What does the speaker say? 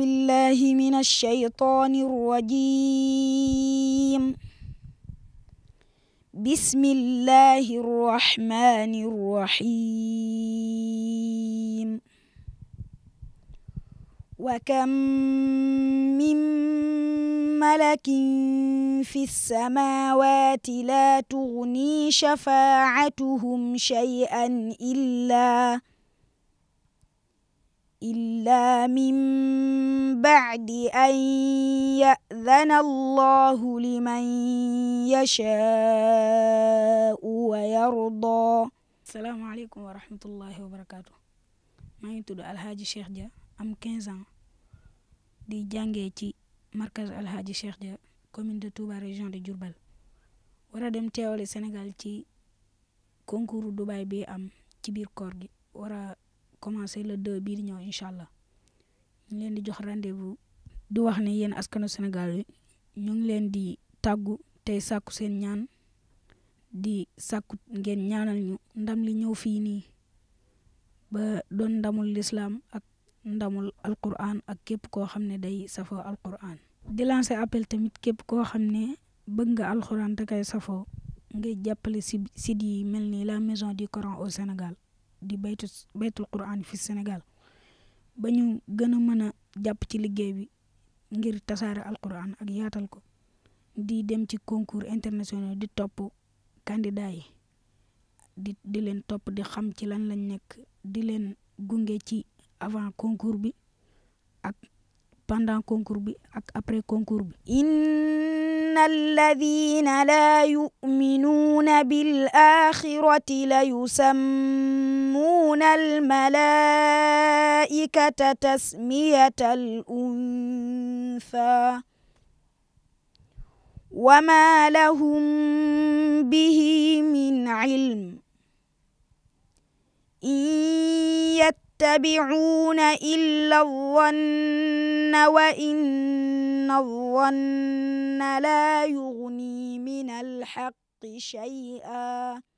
بالله من الشيطان الرجيم بسم الله الرحمن الرحيم وكم من ملك في السماوات لا تغني شفاعتهم شيئا إلا إلا من بعد أن يأذن الله لمن يشاء ويرضى السلام عليكم ورحمة الله وبركاته ما ينتدو الهاجي شيخ جا أم 15 دي جانجي تي مركز الهاجي شيخ جا كومين دو توبا ريجان دي جربال ورا دم تيولي سنغال تي كونكورو دوباي بي أم تبير كورجي ورا كومانسي لدو بيرنيو إن شاء الله ñu leen di jox rendez-vous di wax ne yéen askanu Sénégal yi ñu ngi leen di tàggu tey sàkku seen ñaan di sàkku ngeen ñaanal ñu ndam li ñëw fii nii ba doon ndamul lislaam ak ndamul alquran ak képp koo xam ne day safoo alquran di lancer appel tamit képp koo xam ne bëgg nga alquran da koy safoo ngay jàppale si site yi mel ni la maison du coran au Sénégal di baytu baytul quran fi Sénégal ba ñu gën a mën a jàpp ci liggéey bi ngir tasaare alkuraan ak yaatal ko di dem ci concours international di topp candidat yi di di leen topp di xam ci lan lañ nekk di leen gunge ci avant concours bi ak pendant concours bi ak après concours bi إن الذين لا يؤمنون بالآخرة ليسمون الملائكة تسمية الأنثى وما لهم به من علم إن يتبعون إلا الظن وإن الظن لا يغني من الحق شيئا